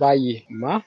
Bàyyi ma